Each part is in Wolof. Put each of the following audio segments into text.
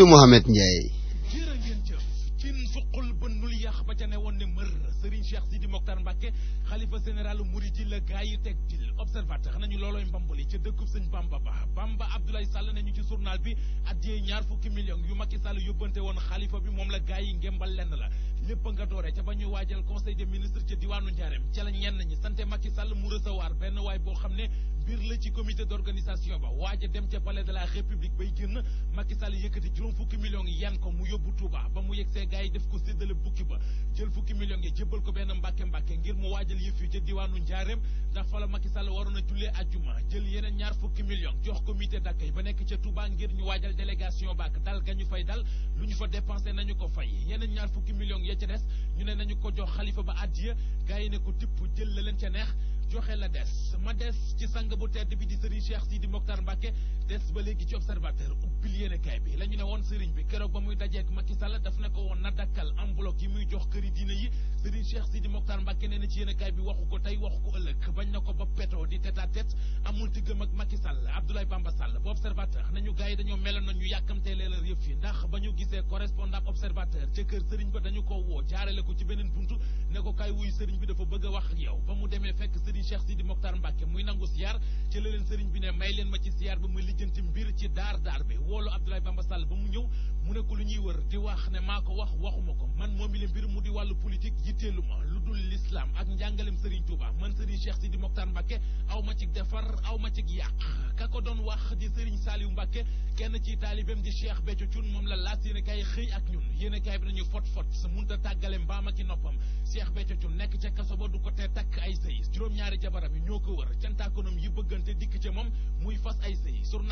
ba ca ne woon Mamadou Mouhamed Ndiaye. xalifa généralu muridi la gaa yi teg dil observateur nañu loolooy mbambali ca dëkkub sëñ bamba ba bamba Abdoulaye Sall nañu ci journal bi addiyee ñaar fukki millions yu Macky Sall yóbbante woon xalifa bi moom la gaa yi ngembal lenn la lépp nga doore ca ba ñuy waajal conseil des ministres ca diwaanu Njaareem ca la ñenn ñi sante Macky Sall mu recevoir benn waay boo xam ne mbir la ci comité d'organisation ba waaja dem ca ko mu yóbbu Touba ba mu yegsee ko benn mbàkke mbàkke ngir mu waajal yëf yi ca diwaanu Njaareem ndax fa ñaar fukki millions jox comité d'accueil ba nekk ca Touba ngir ñu waajal délégation baak dal ga ñu fay dal lu ñu fa dépensé nañu ko fay yeneen ñaar fukki millions ya ca des ñu ne nañu ko jox xalifa ba addiya gars yi ne ko tipp jël la leen ca neex joxe la des ma des ci sang bu tedd bi di sëriñ Cheikh Sidi Mokhtar Mbacke des ba léegi ci observateur ubbil yéenekaay bi la ñu ne woon sëriñ bi keroog ba muy dajeek Macky Sall daf ne ko woon na dakkal en bloc yi muy jox këri diine yi sëriñ Cheikh Sidi Mokhtar Mbacke nee na ci yéenekaay bi waxu ko tey waxu ko ëllëg bañ na ko ba petoo di tête à tête amul diggam ak Macky Sall Abdoulaye Bamba Sall bu observateur nañu gars yi dañoo meloon na ñu yàkkamtee a yëf yi ndax ba ñu gisee correspondant observateur ca kër sëriñ ba dañu ko woo jaarale ko ci beneen buntu ne ko kay wuy sëriñ bi dafa bëgg a wax yow ba mu demee fekk sëriñ Cheikh Sidi Mokhtar Mbacke muy nangu siyaar ci la leen sëriñ bi ne may leen ma ci siyaar ba ma lijjanti mbir ci daar daar bi woolu Abdoulaye wax ne ko man moom bi le mbir mu di man sëriñ di Moctar Mbacke aw ma defar aw ma ci yàq ka ko doon wax di Serigne Saliou Mbacke kenn ci taalibeem di Cheikh Béthio Thioune moom la laas yéen a kaay xëy ak ñun yéen a kaay bi nañu fot fot sa munta tàggale mbaam ak noppam Cheikh Béthio Thioune nekk ca kaso ba du ko tee takk ay sëy juróom-ñaari jabara yi ñoo ko wër cantakonom yi bëggante dikk ca moom muy fas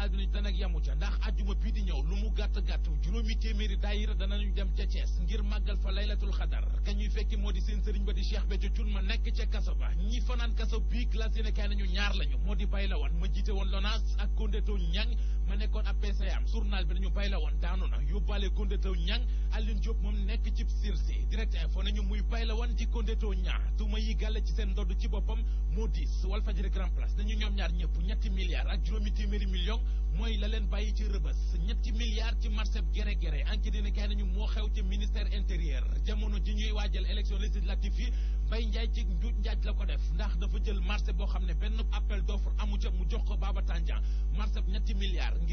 daal a dana yamu ca ndax ajjuma bii di ñëw lu mu gàtt-gàtt juróomi téeméeri daayira danañu dem ca ngir màggal fa laylatul xadar ka ñuy fekki moo di seen sëriñ ba di Cheikh Béthio Thioune ma nekk ca kaso ba ñi fanaan kaso bii classe yéene nañu ñaar lañu moo di bay la woon ma jiite woon LONASE ak Kondeto Ñang ma nekkoon ab PCA journal bi dañu bay la woon daanu na yóbbaale Kondeto Ñang Aline Diop moom nekk cib sursis direct info nañu muy bay ak juróomi téeméeri million mooy la leen bàyyi ci rëbës ñetti milliards ci marché gere gere an ci nañu moo xew ci ministère intérieur jamono ji ñuy waajal élection législative yi Mbaye Ndiaye cig njuuj ne benn appel d'offre amu ca mu jox bi nañu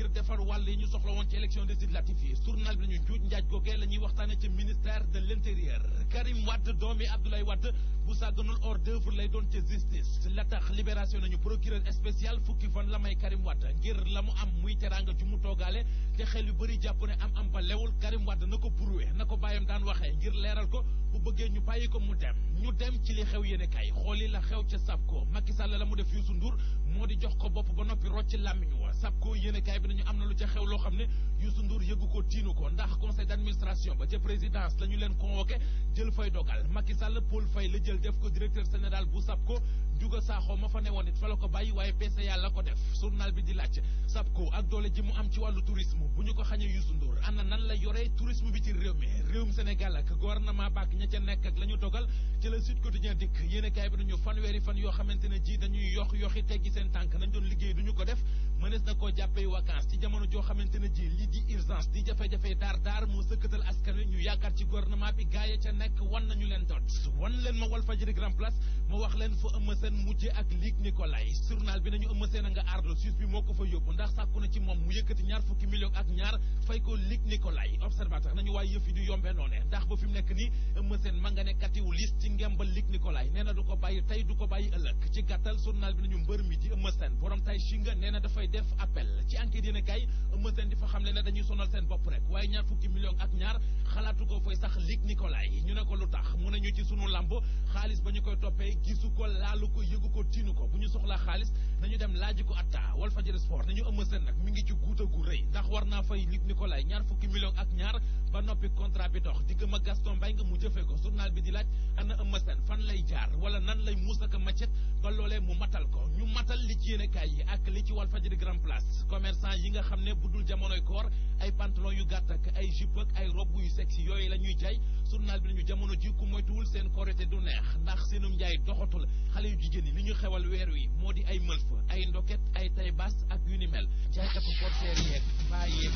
njuuj njaaj googee la ñuy waxtaane ci ministère de l'intérieur Karim Wade doomi Abdoulaye Wade bu sàgganul hors lay doon ca justice la tax libération nañu procureur spécial fukki fan la may Karim Wade ngir la mu am muy teraanga ju mu toogaale te xel yu bëri jàpp ne am am ba lewul Karim Wade na ko prouvé na ko bàyyam daan waxee ngir leeral ko bu bëggee ñu bàyyi ko mu dem ñu dem dem ci li xew yéene kaay xooli la xew ca SAPCO Macky Sall la mu def Youssou Ndour moo di jox ko bopp ba noppi rocc làmmiñ wa SAPCO yéene kaay bi nañu am na lu ca xew loo xam ne Youssou Ndour yëgu ko tiinu ko ndax conseil d'administration ba ca présidence la ñu leen convoqué jël fay dogal Macky Sall Paul fay la jël def ko directeur général bu ko juga saaxoo ma fa ne it fa la ko bàyyi waaye PCA la ko def journal bi di laaj SAPCO ak doole ji mu am ci wàllu tourisme bu ñu ko xañee Youssou Ndour ana nan la yoree tourisme bi ci réew mi réewum Sénégal ak gouvernement baak ña ca nekk ak la ñu dogal ci quotidien dikk yéen bi nañu fanweeri fan yoo xamante ji dañuy yox yoxi teggi seen tànk nañ doon liggéey duñu ko def mënees na koo jàppee vacances ci jamono joo xamante ji urgence di jafe-jafe daar daar moo sëkkatal askan wi ñu yaakaar ci gouvernement bi gaaye ca nekk wan nañu leen doon wan leen ma wal fajiri grand place ma wax leen fa Eumeu Sène mujje ak Luc Nicolaï journal bi nañu Eumeu Sène a nga ardo suuf bi moo ko fa yóbbu ndax sàkku na ci moom mu yëkkati ñaar fukki million ak ñaar fay ko Luc Nicolaï observateur nañu waaye yëf yi du yombee noonee ndax ba fi mu nekk nii Eumeu Sène ma nga ne katiwu lis ci ngembal Luc tey du ko bàyyi ëllëg ci gàttal journal bi nañu mbër mi di Eumeu Sène Eumeu Sène di fa xam ne dañuy sonal seen bopp rek waaye ñaar fukki million ak ñaar xalaatu ko fay sax Luc Nicolaï ñu ne ko lu tax mu ne ñu ci sunu làmb xaalis ba ñu koy toppee gisu ko laalu ko yëgu ko tiinu ko bu ñu soxlaa xaalis nañu dem laaji ko atta Walfadjri Sport nañu Eumeu Sène nag mi ngi ci guuta gu rëy ndax war naa fay Luc Nicolaï ñaar fukki million ak ñaar ba noppi contrat bi dox digg ma Gaston Mbengue mu jëfee ko journal bi di laaj a Eumeu Sène fan lay jaar wala nan lay ko ñu matal li ci yéenekaay yi ak li ci dul jamonoy koor ay pantalon yu gàtt ay jupe ay robe yu sexy yooyu la ñuy jaay surnaal bi nañu jamono ji ku moytuwul seen korite du neex ndax seenum njaay doxatul xale yu jigéen yi li ñu xewal weer wi moo di ay mëlf ay ndoket ay tay bas ak yu ni mel jaaykatu porteer yeeg baa yeeg